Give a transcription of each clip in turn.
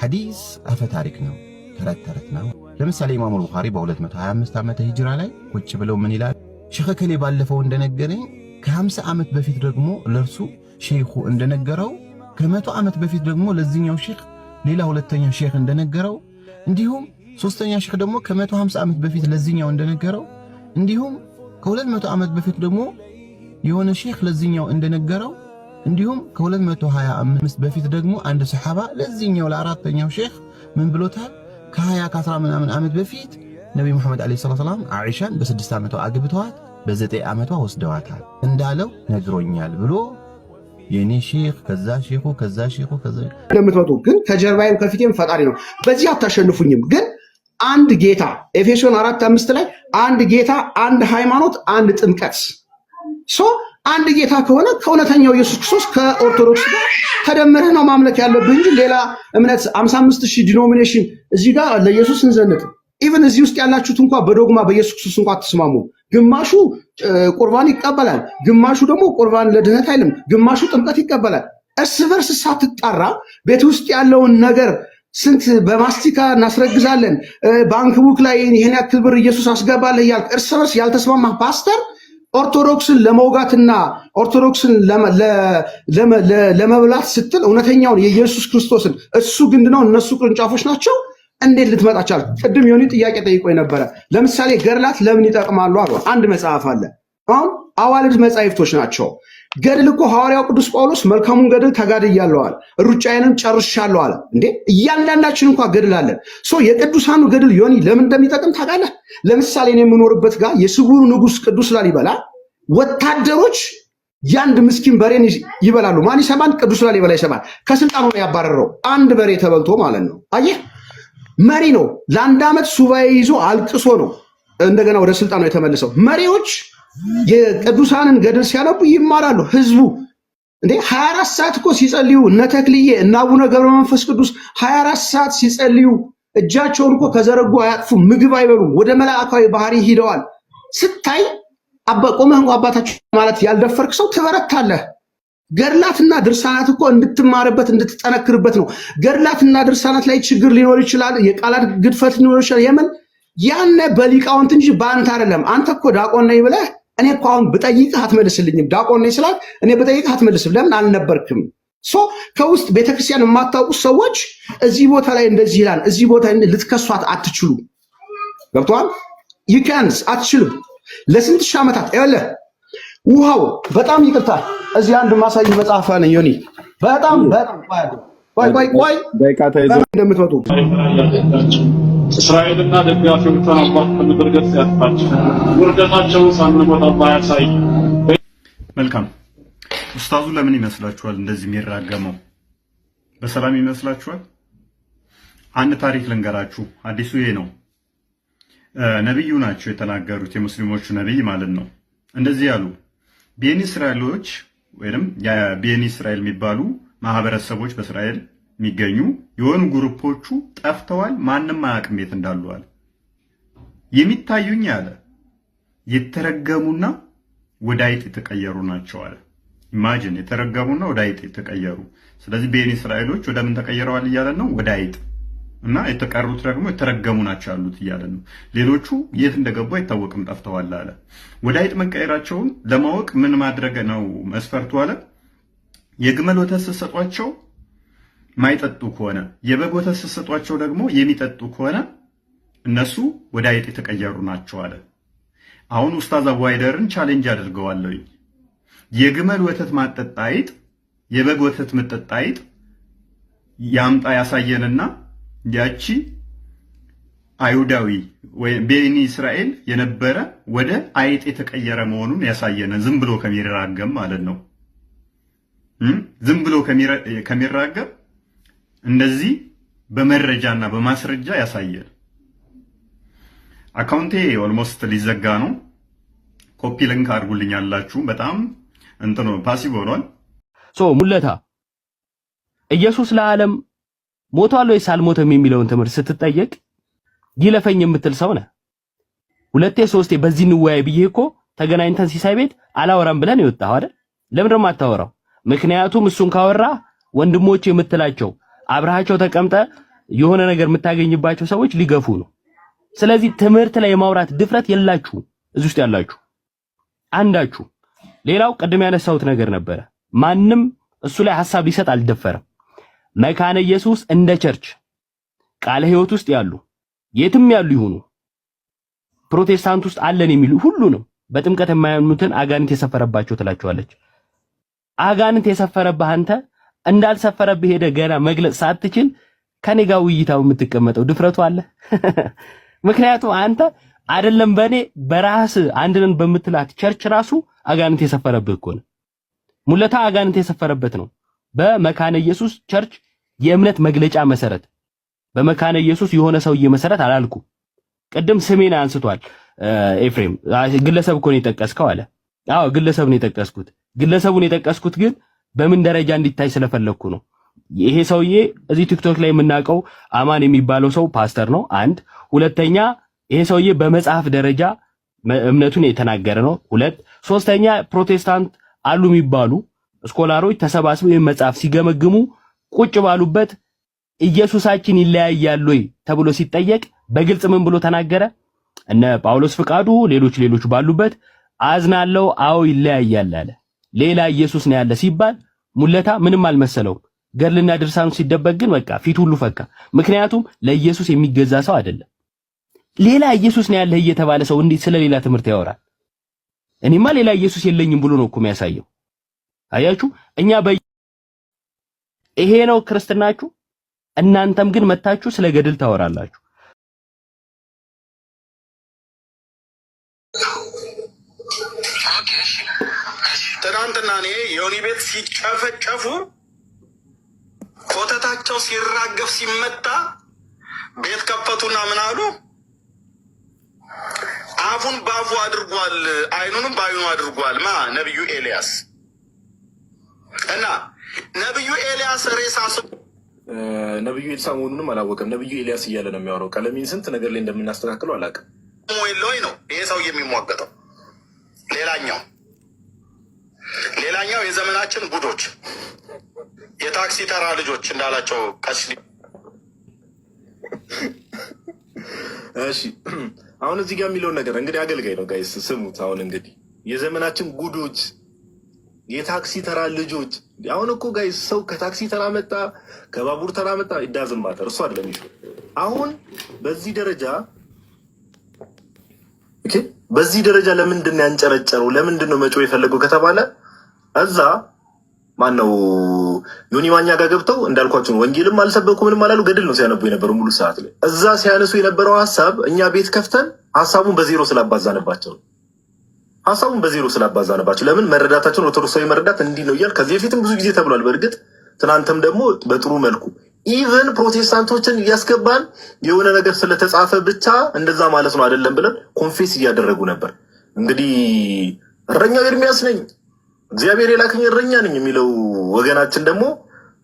ሐዲስ አፈ ታሪክ ነው፣ ተረት ተረት ነው። ለምሳሌ ኢማሙ ቡኻሪ በ225 ዓመተ ሂጅራ ላይ ቁጭ ብለው ምን ይላል? ሼኽ ባለፈው እንደነገረኝ ከ50 ዓመት በፊት ደግሞ ለእርሱ ሼኹ እንደነገረው ከመቶ ዓመት በፊት ደግሞ ለዚኛው ሼኽ ሌላ ሁለተኛ ሼኽ እንደነገረው እንዲሁም ሶስተኛ ሼኽ ደግሞ ከ150 ዓመት በፊት ለዚኛው እንደነገረው እንዲሁም ከ200 ዓመት በፊት ደግሞ የሆነ ሼኽ ለዚኛው እንደነገረው እንዲሁም ከ225 በፊት ደግሞ አንድ ሰሓባ ለዚህኛው ለአራተኛው ሼክ ምን ብሎታል? ከ20 ከ10 ምናምን ዓመት በፊት ነቢ ሙሐመድ ዓለይሂ ሰላም አይሻን በስድስት ዓመቷ አግብተዋት በዘጠኝ ዓመቷ ወስደዋታል እንዳለው ነግሮኛል ብሎ የኔ ሼክ ከዛ ሼኹ ከዛ ሼኹ ከዛ ለምትመጡ ግን ከጀርባይም ከፊቴም ፈጣሪ ነው። በዚህ አታሸንፉኝም። ግን አንድ ጌታ ኤፌሶን አራት አምስት ላይ አንድ ጌታ፣ አንድ ሃይማኖት፣ አንድ ጥምቀት አንድ ጌታ ከሆነ ከእውነተኛው ኢየሱስ ክርስቶስ ከኦርቶዶክስ ጋር ተደምረህ ነው ማምለክ ያለብህ እንጂ ሌላ እምነት 55 ሺህ ዲኖሚኔሽን እዚህ ጋር ለኢየሱስ እንዘንጥ። ኢቨን እዚህ ውስጥ ያላችሁት እንኳ በዶግማ በኢየሱስ ክርስቶስ እንኳ አትስማሙ። ግማሹ ቁርባን ይቀበላል፣ ግማሹ ደግሞ ቁርባን ለድህነት አይልም፣ ግማሹ ጥምቀት ይቀበላል። እርስ በርስ ሳትጣራ ቤት ውስጥ ያለውን ነገር ስንት በማስቲካ እናስረግዛለን፣ ባንክ ቡክ ላይ ይህን ያክል ብር ኢየሱስ አስገባለህ እያልክ እርስ በርስ ያልተስማማ ፓስተር ኦርቶዶክስን ለመውጋትና ኦርቶዶክስን ለመብላት ስትል እውነተኛውን የኢየሱስ ክርስቶስን እሱ ግንድ ነው፣ እነሱ ቅርንጫፎች ናቸው። እንዴት ልትመጣ ቅድም የሆኑ ጥያቄ ጠይቆ የነበረ ለምሳሌ ገድላት ለምን ይጠቅማሉ አሉ። አንድ መጽሐፍ አለ። አሁን አዋልድ መጻሕፍቶች ናቸው። ገድል እኮ ሐዋርያው ቅዱስ ጳውሎስ መልካሙን ገድል ተጋድያለዋል፣ ሩጫዬንም ጨርሻለሁ አለ። እንዴ እያንዳንዳችን እንኳ ገድል አለን። ሶ የቅዱሳኑ ገድል ዮኒ ለምን እንደሚጠቅም ታውቃለህ? ለምሳሌ እኔ የምኖርበት ጋር የስውሩ ንጉሥ ቅዱስ ላሊበላ ወታደሮች የአንድ ምስኪን በሬን ይበላሉ። ማን ይሰማል? ቅዱስ ላሊበላ ይሰማል። ከስልጣኑ ነው ያባረረው። አንድ በሬ ተበልቶ ማለት ነው። አየህ፣ መሪ ነው። ለአንድ ዓመት ሱባኤ ይዞ አልቅሶ ነው እንደገና ወደ ስልጣኑ የተመለሰው መሪዎች የቅዱሳንን ገድል ሲያነቡ ይማራሉ። ህዝቡ እንዴ 24 ሰዓት እኮ ሲጸልዩ እነ ተክልዬ እነ አቡነ ገብረ መንፈስ ቅዱስ 24 ሰዓት ሲጸልዩ እጃቸውን እኮ ከዘረጉ አያጥፉም። ምግብ አይበሉም። ወደ መላእካዊ ባህሪ ሂደዋል ስታይ ቆመህ አባታችን ማለት ያልደፈርክ ሰው ትበረታለህ። ገድላትና ድርሳናት እኮ እንድትማርበት እንድትጠነክርበት ነው። ገድላትና ድርሳናት ላይ ችግር ሊኖር ይችላል። የቃላት ግድፈት ሊኖር ይችላል። የምን ያነ በሊቃውንት እንጂ በአንተ አይደለም። አንተ እኮ ዳቆን ነኝ ብለህ እኔ እኮ አሁን ብጠይቅህ አትመልስልኝም። ዳቆን ነኝ ስላል እኔ ብጠይቅህ አትመልስም። ለምን አልነበርክም? ሶ ከውስጥ ቤተክርስቲያን የማታውቁ ሰዎች እዚህ ቦታ ላይ እንደዚህ ይላል፣ እዚህ ቦታ ልትከሷት አትችሉ። ዩ ይከንስ አትችሉም። ለስንት ሺህ ዓመታት ያለ ውሃው በጣም ይቅርታ፣ እዚህ አንድ ማሳይ መጽሐፍ አለኝ ዮኒ በጣም በጣም ቆይ ቆይ ቆይ ደቂቃ ተይዞ እንደምትመጡ እስራኤልና ደጋፊዎቿን አባት ከምድር ገጽ ያጥፋቸው፣ ውርደታቸውን ሳንሞት አላህ ያሳይ። መልካም ኡስታዙ ለምን ይመስላችኋል እንደዚህ የሚራገመው? በሰላም ይመስላችኋል? አንድ ታሪክ ልንገራችሁ። አዲሱ ይሄ ነው። ነቢዩ ናቸው የተናገሩት የሙስሊሞቹ ነቢይ ማለት ነው። እንደዚህ ያሉ ቤኒ እስራኤሎች ወይም የቤኒ እስራኤል የሚባሉ ማህበረሰቦች በእስራኤል የሚገኙ የሆኑ ግሩፖቹ ጠፍተዋል፣ ማንም አያውቅም የት እንዳሉ አለ። የሚታዩኝ አለ የተረገሙና ወደ አይጥ የተቀየሩ ናቸው አለ። ኢማጂን የተረገሙና ወደ አይጥ የተቀየሩ። ስለዚህ ቤኒ እስራኤሎች ወደ ምን ተቀይረዋል እያለን ነው? ወደ አይጥ እና የተቀሩት ደግሞ የተረገሙ ናቸው ያሉት እያለ ነው። ሌሎቹ የት እንደገቡ አይታወቅም ጠፍተዋል አለ። ወደ አይጥ መቀየራቸውን ለማወቅ ምን ማድረግ ነው መስፈርቱ አለ። የግመል ወተት ስትሰጧቸው ማይጠጡ ከሆነ፣ የበግ ወተት ስትሰጧቸው ደግሞ የሚጠጡ ከሆነ እነሱ ወደ አይጥ የተቀየሩ ናቸው አለ። አሁን ኡስታዝ አቡሃይደርን ቻሌንጅ አድርገዋለሁ። የግመል ወተት ማጠጣ አይጥ፣ የበግ ወተት መጠጣ አይጥ ያምጣ ያሳየንና ያቺ አይሁዳዊ ወይም ቤኒ እስራኤል የነበረ ወደ አይጥ የተቀየረ መሆኑን ያሳየነ ዝም ብሎ ከሚራገም ማለት ነው። ዝም ብሎ ከሚራገም እንደዚህ በመረጃና በማስረጃ ያሳየን። አካውንቴ ኦልሞስት ሊዘጋ ነው። ኮፒ ልንክ አድርጉልኝ ያላችሁ በጣም እንትኑ ፓሲቭ ሆኗል። ሶ ሙለታ ኢየሱስ ለዓለም ሞቷል ወይስ አልሞተም የሚለውን ትምህርት ስትጠየቅ ይለፈኝ የምትል ሰው ነህ። ሁለቴ ሶስቴ በዚህ እንወያይ ብዬ እኮ ተገናኝተን ሲሳይ ቤት አላወራም ብለን ይወጣው አይደል? ለምን ደግሞ አታወራው? ምክንያቱም እሱን ካወራ ወንድሞች የምትላቸው አብረሃቸው ተቀምጠ የሆነ ነገር የምታገኝባቸው ሰዎች ሊገፉ ነው። ስለዚህ ትምህርት ላይ የማውራት ድፍረት የላችሁ እዚህ ውስጥ ያላችሁ አንዳችሁ። ሌላው ቅድም ያነሳሁት ነገር ነበረ። ማንም እሱ ላይ ሐሳብ ሊሰጥ አልደፈረም። መካነ ኢየሱስ እንደ ቸርች ቃለ ሕይወት ውስጥ ያሉ የትም ያሉ ይሁኑ ፕሮቴስታንት ውስጥ አለን የሚሉ ሁሉ ነው በጥምቀት የማያምኑትን አጋንንት የሰፈረባቸው ትላቸዋለች። አጋንንት የሰፈረብህ አንተ እንዳልሰፈረብህ ሄደ ገና መግለጽ ሳትችል ከኔ ጋር ውይይታው የምትቀመጠው ድፍረቱ አለ። ምክንያቱም አንተ አይደለም በኔ በራስ አንድነን በምትላት ቸርች ራሱ አጋንንት የሰፈረብህ እኮ ነው። ሙለታ አጋንንት የሰፈረበት ነው። በመካነ ኢየሱስ ቸርች የእምነት መግለጫ መሰረት በመካነ ኢየሱስ የሆነ ሰውዬ መሰረት አላልኩ። ቅድም ስሜን አንስቷል ኤፍሬም። ግለሰብ እኮ ነው የጠቀስከው አለ። አዎ ግለሰብ ነው የጠቀስኩት። ግለሰቡን የጠቀስኩት ግን በምን ደረጃ እንዲታይ ስለፈለግኩ ነው። ይሄ ሰውዬ እዚህ ቲክቶክ ላይ የምናውቀው አማን የሚባለው ሰው ፓስተር ነው። አንድ ሁለተኛ፣ ይሄ ሰውዬ በመጽሐፍ ደረጃ እምነቱን የተናገረ ነው። ሁለት ሶስተኛ፣ ፕሮቴስታንት አሉ የሚባሉ ስኮላሮች ተሰባስበው ይህን መጽሐፍ ሲገመግሙ ቁጭ ባሉበት ኢየሱሳችን ይለያያል ወይ ተብሎ ሲጠየቅ በግልጽ ምን ብሎ ተናገረ? እነ ጳውሎስ ፍቃዱ፣ ሌሎች ሌሎች ባሉበት አዝናለው፣ አዎ ይለያያል አለ። ሌላ ኢየሱስ ነው ያለ ሲባል ሙለታ ምንም አልመሰለውም። ገድልና ድርሳኑ ሲደበቅ ግን በቃ ፊት ሁሉ ፈካ። ምክንያቱም ለኢየሱስ የሚገዛ ሰው አይደለም። ሌላ ኢየሱስ ነው ያለህ እየተባለ ሰው እንዴት ስለ ሌላ ትምህርት ያወራል? እኔማ ሌላ ኢየሱስ የለኝም ብሎ ነው እኮ የሚያሳየው። አያችሁ እኛ ይሄ ነው ክርስትናችሁ። እናንተም ግን መታችሁ ስለ ገድል ታወራላችሁ። ትናንትና እኔ ዮኒ ቤት ሲጨፈጨፉ ኮተታቸው ሲራገፍ ሲመታ ቤት ከፈቱና ምን አሉ? አፉን በአፉ አድርጓል፣ አይኑንም በአይኑ አድርጓል። ማ ነቢዩ ኤልያስ እና ነብዩ ኤልያስ ሬሳ ነብዩ ኤልሳ መሆኑንም አላወቅም። ነብዩ ኤልያስ እያለ ነው የሚያወራው። ቀለሚን ስንት ነገር ላይ እንደምናስተካክለው አላውቅም። ወይ ነው ይሄ ሰው የሚሟገጠው። ሌላኛው ሌላኛው የዘመናችን ጉዶች የታክሲ ተራ ልጆች እንዳላቸው ቀስ እሺ አሁን እዚህ ጋር የሚለውን ነገር እንግዲህ አገልጋይ ነው ጋይስ ስሙት። አሁን እንግዲህ የዘመናችን ጉዶች የታክሲ ተራ ልጆች አሁን እኮ ጋይ ሰው ከታክሲ ተራ መጣ፣ ከባቡር ተራ መጣ፣ ይዳዝም ማተር እሱ አይደለም አሁን በዚህ ደረጃ በዚህ ደረጃ ለምንድን ነው ያንጨረጨረው? ለምንድን ነው መጮህ የፈለገው ከተባለ እዛ ማን ነው ዮኒ ማኛ ጋር ገብተው እንዳልኳቸው ነው። ወንጌልም አልሰበኩ ምንም አላሉ። ገድል ነው ሲያነቡ የነበረው ሙሉ ሰዓት ላይ እዛ ሲያነሱ የነበረው ሀሳብ እኛ ቤት ከፍተን ሀሳቡን በዜሮ ስላባዛንባቸው ሀሳቡን በዜሮ ስላባዛንባቸው ለምን መረዳታችን ኦርቶዶክሳዊ መረዳት እንዲህ ነው እያል ከዚህ በፊትም ብዙ ጊዜ ተብሏል። በእርግጥ ትናንተም ደግሞ በጥሩ መልኩ ኢቨን ፕሮቴስታንቶችን እያስገባን የሆነ ነገር ስለተጻፈ ብቻ እንደዛ ማለት ነው አይደለም ብለን ኮንፌስ እያደረጉ ነበር። እንግዲህ እረኛው ኤርሚያስ ነኝ፣ እግዚአብሔር የላክኝ እረኛ ነኝ የሚለው ወገናችን ደግሞ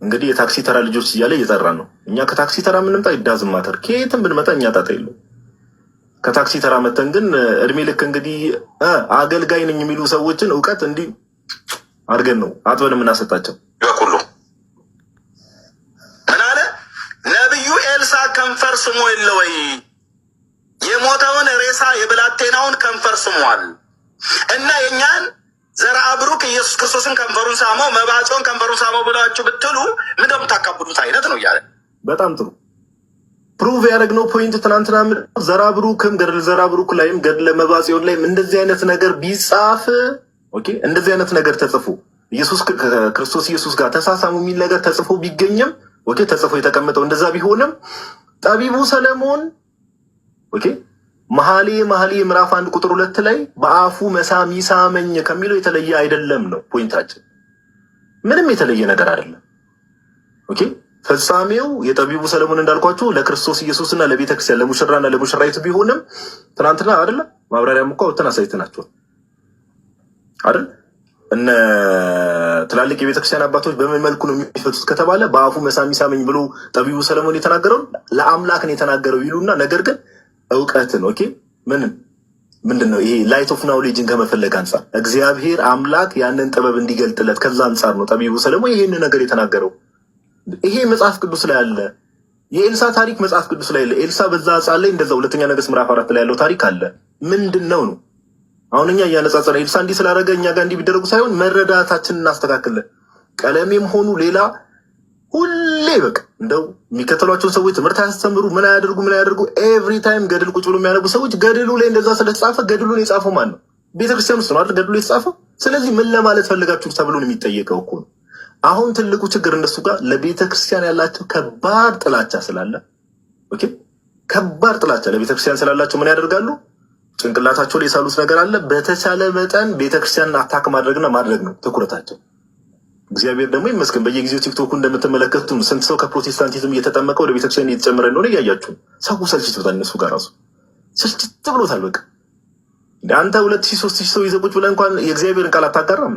እንግዲህ የታክሲ ተራ ልጆች እያለ እየጠራ ነው። እኛ ከታክሲ ተራ ምንምጣ ይዳዝማተር ከየትም ብንመጣ እኛ ጣጣ የለው ከታክሲ ተራ መተን ግን እድሜ ልክ እንግዲህ አገልጋይ ነኝ የሚሉ ሰዎችን እውቀት እንዲህ አድርገን ነው አጥበን የምናሰጣቸው። በኩሉ ምን አለ ነቢዩ ኤልሳ ከንፈር ስሞ የለ ወይ? የሞተውን ሬሳ የብላቴናውን ከንፈር ስሟል እና የእኛን ዘርአ ብሩክ ኢየሱስ ክርስቶስን ከንፈሩን ሳመው፣ መባጮን ከንፈሩን ሳመው ብላችሁ ብትሉ ምንድነው የምታካብዱት አይነት ነው እያለ በጣም ጥሩ ፕሩቭ ያደረግነው ፖይንት ትናንትና ዘራብሩክም ገድል ዘራብሩክ ላይም ገድለ መባጽዮን ላይም እንደዚህ አይነት ነገር ቢጻፍ ኦኬ፣ እንደዚህ አይነት ነገር ተጽፎ ኢየሱስ ክርስቶስ ኢየሱስ ጋር ተሳሳሙ የሚል ነገር ተጽፎ ቢገኝም ኦኬ፣ ተጽፎ የተቀመጠው እንደዛ ቢሆንም ጠቢቡ ሰለሞን ኦኬ መሀሌ መሐሌ ምዕራፍ አንድ ቁጥር ሁለት ላይ በአፉ መሳም ይሳመኝ ከሚለው የተለየ አይደለም ነው ፖይንታችን። ምንም የተለየ ነገር አይደለም። ኦኬ ፍጻሜው የጠቢቡ ሰለሞን እንዳልኳችሁ ለክርስቶስ ኢየሱስና ለቤተ ክርስቲያን ለሙሽራና ለሙሽራይቱ ቢሆንም ትናንትና አይደለ ማብራሪያም እኮ አውጥተን አሳይተናቸዋል አይደል? እነ ትላልቅ የቤተ ክርስቲያን አባቶች በምን መልኩ ነው የሚፈቱት ከተባለ በአፉ መሳሚ ሳመኝ ብሎ ጠቢቡ ሰለሞን የተናገረውን ለአምላክ ነው የተናገረው ይሉና፣ ነገር ግን እውቀትን ኦኬ፣ ምንም ምንድን ነው ይሄ ላይት ኦፍ ናውሌጅን ከመፈለግ አንጻር እግዚአብሔር አምላክ ያንን ጥበብ እንዲገልጥለት ከዛ አንጻር ነው ጠቢቡ ሰለሞን ይህን ነገር የተናገረው። ይሄ መጽሐፍ ቅዱስ ላይ አለ። የኤልሳ ታሪክ መጽሐፍ ቅዱስ ላይ አለ። ኤልሳ በዛ ሕፃን ላይ እንደዛ ሁለተኛ ነገስ ምዕራፍ አራት ላይ ያለው ታሪክ አለ። ምንድን ነው ነው አሁን እኛ እያነጻጸረ ኤልሳ እንዲህ ስላደረገ እኛ ጋር እንዲህ ቢደረጉ ሳይሆን መረዳታችን እናስተካክለን። ቀለሜም ሆኑ ሌላ ሁሌ በቃ እንደው የሚከተሏቸውን ሰዎች ትምህርት አያስተምሩ፣ ምን አያደርጉ፣ ምን አያደርጉ። ኤቭሪ ታይም ገድል ቁጭ ብሎ የሚያደርጉ ሰዎች ገድሉ ላይ እንደዛ ስለተጻፈ ገድሉን የጻፈው ማን ነው? ቤተክርስቲያን ውስጥ ነው አይደል ገድሉ የተጻፈው። ስለዚህ ምን ለማለት ፈልጋችሁ ተብሎ ነው የሚጠየቀው እኮ ነው። አሁን ትልቁ ችግር እንደሱ ጋር ለቤተ ክርስቲያን ያላቸው ከባድ ጥላቻ ስላለ ከባድ ጥላቻ ለቤተ ክርስቲያን ስላላቸው ምን ያደርጋሉ? ጭንቅላታቸው ላይ የሳሉት ነገር አለ። በተቻለ መጠን ቤተ ክርስቲያንን አታክ ማድረግና ማድረግ ነው ትኩረታቸው። እግዚአብሔር ደግሞ ይመስገን በየጊዜው ቲክቶኩ እንደምትመለከቱም ስንት ሰው ከፕሮቴስታንቲዝም እየተጠመቀ ወደ ቤተክርስቲያን ክርስቲያን እየተጨመረ እንደሆነ እያያችሁ ሰው ሰልችቶታል። እነሱ ጋር ራሱ ስልችት ብሎታል። በቃ አንተ ሁለት ሺህ ሶስት ሺህ ሰው ይዘህ ብለህ እንኳን የእግዚአብሔርን ቃል አታጋራም።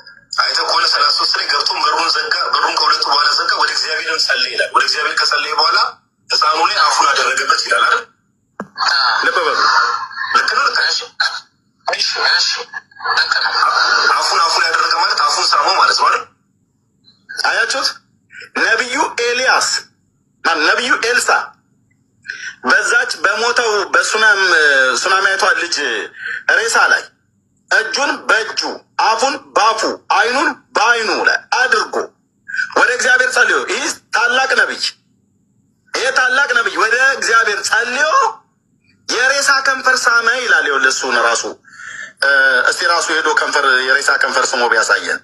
እግዚአብሔርን ጸልይ ይላል። ወደ እግዚአብሔር ከጸለይ በኋላ ከንፈር ሳመ ይላል። ይኸውልህ እሱን ራሱ እስቲ ራሱ ሄዶ ከንፈር የሬሳ ከንፈር ስሞ ቢያሳየን።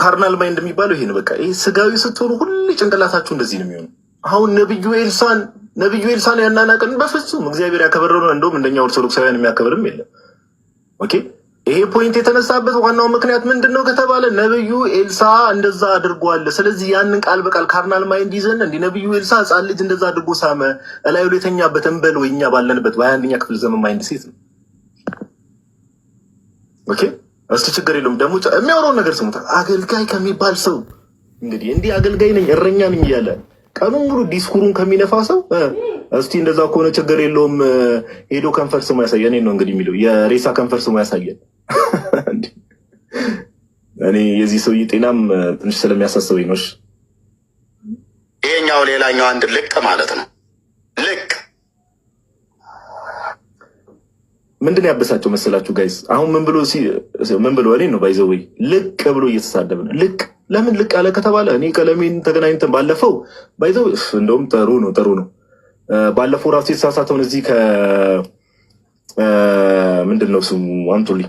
ካርናል ማይንድ የሚባለው ይሄን በቃ ይህ ስጋዊ ስትሆኑ ሁሌ ጭንቅላታችሁ እንደዚህ ነው የሚሆኑ። አሁን ነብዩ ኤልሳን ነብዩ ኤልሳን ያናናቀን በፍጹም እግዚአብሔር ያከበረው ነው። እንደውም እንደኛ ኦርቶዶክሳውያን የሚያከብርም የለም። ኦኬ ይሄ ፖይንት የተነሳበት ዋናው ምክንያት ምንድን ነው ከተባለ ነብዩ ኤልሳ እንደዛ አድርጓል። ስለዚህ ያንን ቃል በቃል ካርናል ማይንድ ይዘን እንዲ ነብዩ ኤልሳ ህፃን ልጅ እንደዛ አድርጎ ሳመ እላዩ የተኛበት እንበል ወይ እኛ ባለንበት በሀያ አንደኛ ክፍል ዘመን ማይንድ ሴት ነው። ኦኬ እስቲ ችግር የለውም ደግሞ የሚያወራውን ነገር ስሙት። አገልጋይ ከሚባል ሰው እንግዲህ እንዲህ አገልጋይ ነኝ እረኛ ነኝ እያለ ቀኑን ሙሉ ዲስኩሩን ከሚነፋ ሰው እስቲ እንደዛ ከሆነ ችግር የለውም ሄዶ ከንፈር ስሙ ያሳየን ነው እንግዲህ የሚለው የሬሳ ከንፈር ስሙ ያሳየን እኔ የዚህ ሰውዬ ጤናም ትንሽ ስለሚያሳስበኝ ነው። ይሄኛው ሌላኛው አንድ ልቅ ማለት ነው። ልቅ ምንድን ያበሳቸው መሰላችሁ ጋይስ? አሁን ምን ብሎ ምን ብሎ እኔ ነው ባይዘወይ ልቅ ብሎ እየተሳደብ ነው። ልቅ ለምን ልቅ አለ ከተባለ እኔ ቀለሜን ተገናኝተን ባለፈው ባይዘው እንደውም ጥሩ ነው ጥሩ ነው። ባለፈው ራሱ የተሳሳተውን እዚህ ከምንድን ነው ስሙ አንቱልኝ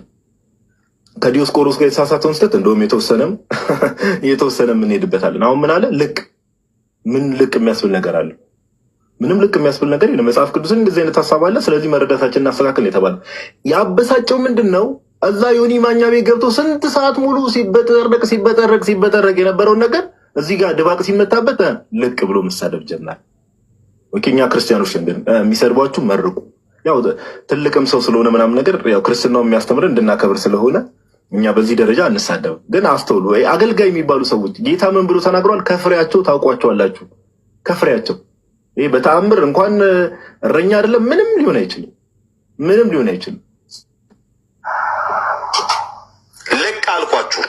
ከዲዮስቆሮስ ጋር የተሳሳተውን ስህተት እንደውም የተወሰነም የተወሰነም እንሄድበታለን። አሁን ምን አለ ልቅ ምን ልቅ የሚያስብል ነገር አለ? ምንም ልቅ የሚያስብል ነገር የለም። መጽሐፍ ቅዱስን እንደዚህ አይነት ሀሳብ አለ። ስለዚህ መረዳታችን እናስተካክል የተባለ ያበሳጨው ምንድን ነው? እዛ ዮኒ ማኛ ቤት ገብቶ ስንት ሰዓት ሙሉ ሲበጠረቅ ሲበጠረቅ ሲበጠረቅ የነበረውን ነገር እዚህ ጋር ድባቅ ሲመታበት ልቅ ብሎ መሳደብ ጀመር። እኛ ክርስቲያኖች የሚሰድቧችሁ መርቁ፣ ያው ትልቅም ሰው ስለሆነ ምናምን ነገር ያው ክርስትናው የሚያስተምረን እንድናከብር ስለሆነ እኛ በዚህ ደረጃ አንሳደብም። ግን አስተውሉ፣ አገልጋይ የሚባሉ ሰዎች ጌታ ምን ብሎ ተናግሯል? ከፍሬያቸው ታውቋቸዋላችሁ። ከፍሬያቸው ይህ በተአምር እንኳን እረኛ አይደለም ምንም ሊሆን አይችልም። ምንም ሊሆን አይችልም። ልቅ አልኳችሁ።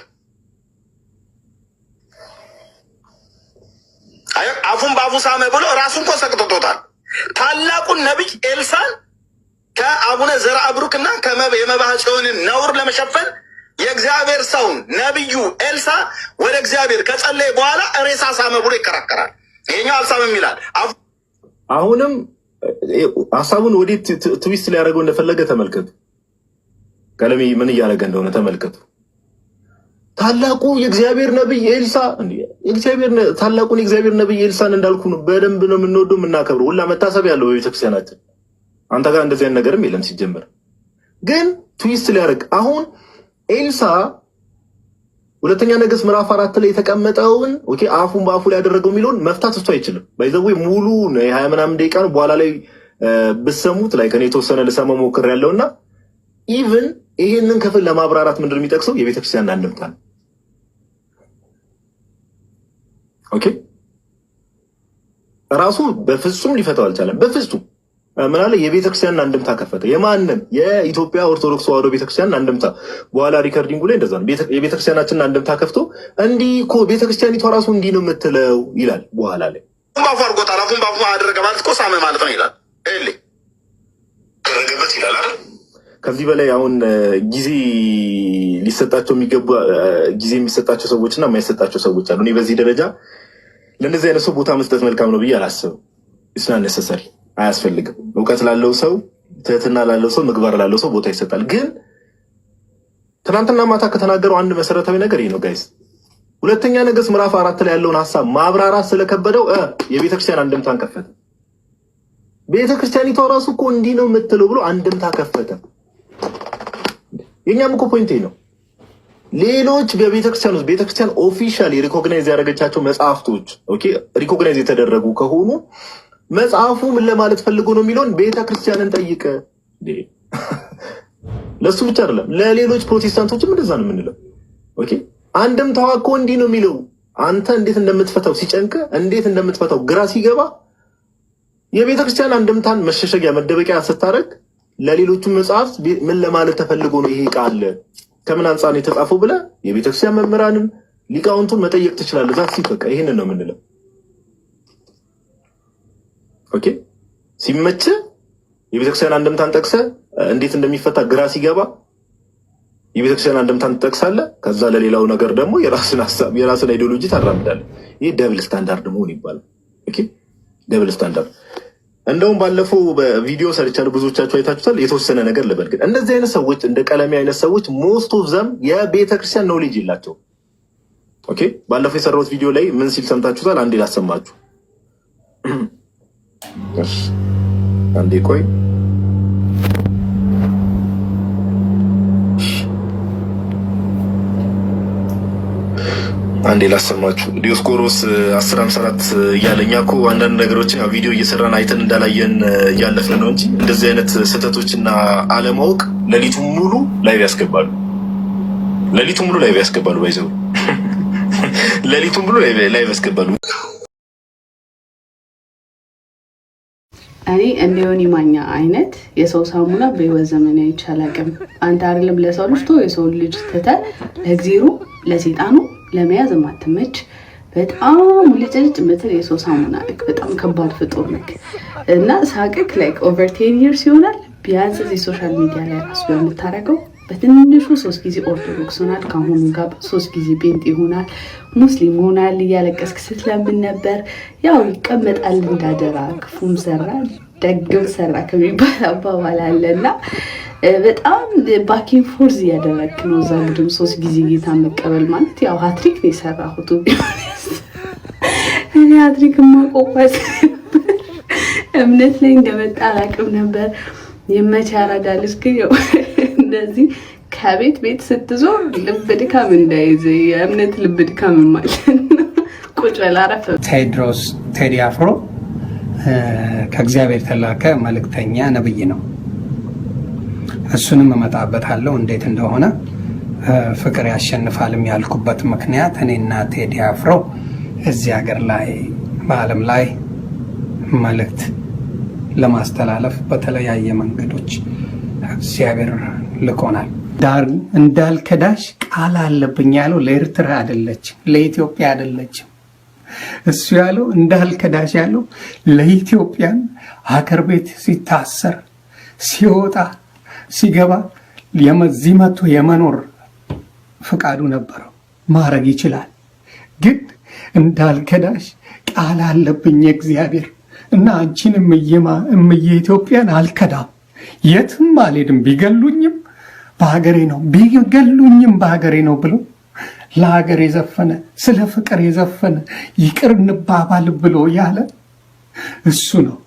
አፉን በአፉ ሳመ ብሎ ራሱ እኮ ሰቅጥጦታል። ታላቁን ነቢይ ኤልሳን ከአቡነ ዘርዓ ብሩክና የመባህ ጽዮንን ነውር ለመሸፈን የእግዚአብሔር ሰው ነቢዩ ኤልሳ ወደ እግዚአብሔር ከጸለይ በኋላ ሬሳ ሳመ ብሎ ይከራከራል። ይሄኛው አልሳምም ይላል። አሁንም ሀሳቡን ወዴት ትዊስት ሊያደርገው እንደፈለገ ተመልከቱ። ቀለሚ ምን እያደረገ እንደሆነ ተመልከቱ። ታላቁ የእግዚአብሔር ነቢይ ኤልሳ ታላቁን የእግዚአብሔር ነቢይ ኤልሳን እንዳልኩ ነው፣ በደንብ ነው የምንወደው የምናከብረው፣ ሁላ መታሰብ ያለው በቤተክርስቲያናችን። አንተ ጋር እንደዚህ አይነት ነገርም የለም ሲጀመር። ግን ትዊስት ሊያደርግ አሁን ኤልሳ ሁለተኛ ነገሥት ምዕራፍ አራት ላይ የተቀመጠውን ኦኬ አፉን በአፉ ላይ ያደረገው የሚለውን መፍታት እሱ አይችልም። ባይዘዌ ሙሉ የሀያ ምናምን ደቂቃ በኋላ ላይ ብሰሙት ላይ ከኔ የተወሰነ ልሰማ ሞክር ያለው እና ኢቭን ይህንን ክፍል ለማብራራት ምንድን የሚጠቅሰው የቤተክርስቲያን አንድምታ ነው። ኦኬ ራሱ በፍጹም ሊፈታው አልቻለም። በፍጹም ምን አለ የቤተክርስቲያንን አንድምታ ከፈተ። የማንም የኢትዮጵያ ኦርቶዶክስ ተዋሕዶ ቤተክርስቲያን አንድምታ በኋላ ሪከርዲንጉ ላይ እንደዛ ነው። የቤተክርስቲያናችን አንድምታ ከፍቶ እንዲህ እኮ ቤተክርስቲያኒቷ ራሱ እንዲህ ነው የምትለው ይላል። በኋላ ላይ ባፉ አድርጎታል። አፉን ባፉ አደረገ ማለት እኮ ሳመ ማለት ነው ይላል። ደረገበት ይላል። አይደል? ከዚህ በላይ አሁን ጊዜ ሊሰጣቸው የሚገቡ ጊዜ የሚሰጣቸው ሰዎች ሰዎችና የማይሰጣቸው ሰዎች አሉ። እኔ በዚህ ደረጃ ለእነዚህ አይነት ሰው ቦታ መስጠት መልካም ነው ብዬ አላስብም። ስና ነሰሰሪ አያስፈልግም። እውቀት ላለው ሰው፣ ትህትና ላለው ሰው፣ ምግባር ላለው ሰው ቦታ ይሰጣል። ግን ትናንትና ማታ ከተናገረው አንድ መሰረታዊ ነገር ይህ ነው ጋይስ። ሁለተኛ ነገስ ምዕራፍ አራት ላይ ያለውን ሀሳብ ማብራራት ስለከበደው የቤተክርስቲያን አንድምታን ከፈተ። ቤተክርስቲያኒቷ ራሱ እኮ እንዲህ ነው የምትለው ብሎ አንድምታ ከፈተ። የእኛም እኮ ፖይንቴ ነው። ሌሎች በቤተክርስቲያን ውስጥ ቤተክርስቲያን ኦፊሻል ሪኮግናይዝ ያደረገቻቸው መጽሐፍቶች ሪኮግናይዝ የተደረጉ ከሆኑ መጽሐፉ ምን ለማለት ፈልጎ ነው የሚለውን ቤተክርስቲያንን ጠይቀ። ለእሱ ብቻ አይደለም ለሌሎች ፕሮቴስታንቶችም እንደዛ ነው የምንለው። ኦኬ አንድም ተዋኮ እንዲህ ነው የሚለው አንተ እንዴት እንደምትፈታው ሲጨንቀ፣ እንዴት እንደምትፈታው ግራ ሲገባ የቤተ ክርስቲያን አንድምታን መሸሸጊያ መደበቂያ ስታደርግ ለሌሎቹ መጽሐፍት ምን ለማለት ተፈልጎ ነው ይሄ ቃል ከምን አንጻር ነው የተጻፈው ብለ የቤተክርስቲያን መምህራንም ሊቃውንቱን መጠየቅ ትችላለህ። ዛት ሲበቃ ይህንን ነው የምንለው። ኦኬ ሲመች የቤተክርስቲያን አንድምታን ጠቅሰ እንዴት እንደሚፈታ ግራ ሲገባ የቤተክርስቲያን አንድምታን ትጠቅሳለ። ከዛ ለሌላው ነገር ደግሞ የራስን ሀሳብ የራስን አይዲዮሎጂ ታራምዳለ። ይህ ደብል ስታንዳርድ መሆን ይባላል። ደብል ስታንዳርድ እንደውም ባለፈው በቪዲዮ ሰርቻለሁ፣ ብዙዎቻችሁ አይታችሁታል። የተወሰነ ነገር ልበል ግን አይነት ሰዎች እንደ ቀለሜ አይነት ሰዎች ሞስት ኦፍ ዘም የቤተክርስቲያን ኖሌጅ የላቸው። ኦኬ ባለፈው የሰራሁት ቪዲዮ ላይ ምን ሲል ሰምታችሁታል? አንዴ ላሰማችሁ። አንዴ ቆይ። አንዴ ላሰማችሁ ዲዮስኮሮስ እያለ እያለኛ እኮ አንዳንድ ነገሮችን ያው ቪዲዮ እየሰራን አይተን እንዳላየን እያለፍን ነው እንጂ እንደዚህ አይነት ስህተቶችና አለማወቅ ሌሊቱን ሙሉ ላይቭ ያስገባሉ። ሌሊቱን ሙሉ ላይቭ ያስገባሉ። ባይዘው ሌሊቱን ሙሉ ላይቭ ያስገባሉ። እኔ እንደ ዮኒ ማኛ አይነት የሰው ሳሙና በህይወት ዘመን አይቻላቅም። አንተ አይደለም ለሰው ልጅ ቶ የሰው ልጅ ትተ ለእግዚሩ ለሴጣኑ ለመያዝ ማትመች በጣም ልጭልጭ ምትል የሰው ሳሙና ልክ በጣም ከባድ ፍጡር ነክ እና ሳቅክ ላይክ ኦቨር ቴን ይርስ ይሆናል ቢያንስ እዚህ ሶሻል ሚዲያ ላይ ራሱ በምታደርገው በትንሹ ሶስት ጊዜ ኦርቶዶክስ ሆናል። ከአሁኑ ጋር ሶስት ጊዜ ጴንጤ ይሆናል፣ ሙስሊም ሆናል። እያለቀስክ ስትለምን ነበር። ያው ይቀመጣል እንዳደራ ክፉም ሰራ ደግም ሰራ ከሚባል አባባል አለና በጣም ባኪን ፎርዝ እያደረግክ ነው። እዛ ግድም ሶስት ጊዜ ጌታ መቀበል ማለት ያው ሀትሪክ ነው የሰራሁት። እኔ ሀትሪክ ማቆቋት እምነት ላይ እንደመጣ አላቅም ነበር። የመቻ አራዳ ልጅ ግን እንደዚህ ከቤት ቤት ስትዞር ልብ ድካም እንዳይዘ የእምነት ልብ ድካም ማለት ነው። ቁጭ ላረፈ ቴድሮስ ቴዲ አፍሮ ከእግዚአብሔር ተላከ መልእክተኛ ነብይ ነው። እሱንም እመጣበታለሁ እንዴት እንደሆነ ፍቅር ያሸንፋልም ያልኩበት ምክንያት እኔና ቴዲ አፍሮ እዚህ ሀገር ላይ በዓለም ላይ መልእክት ለማስተላለፍ በተለያየ መንገዶች እግዚአብሔር ልኮናል። ዳሩ እንዳልከዳሽ ቃል አለብኝ ያለው ለኤርትራ አይደለችም፣ ለኢትዮጵያ አይደለችም። እሱ ያለው እንዳልከዳሽ ያለው ለኢትዮጵያን ሀገር ቤት ሲታሰር ሲወጣ ሲገባ የመዚህ መቶ የመኖር ፍቃዱ ነበረው ማድረግ ይችላል። ግን እንዳልከዳሽ ቃል አለብኝ እግዚአብሔር እና አንቺን እምዬ ኢትዮጵያን አልከዳም የትም አልሄድም፣ ቢገሉኝም በሀገሬ ነው፣ ቢገሉኝም በሀገሬ ነው ብሎ ለሀገር የዘፈነ ስለ ፍቅር የዘፈነ ይቅር እንባባል ብሎ ያለ እሱ ነው።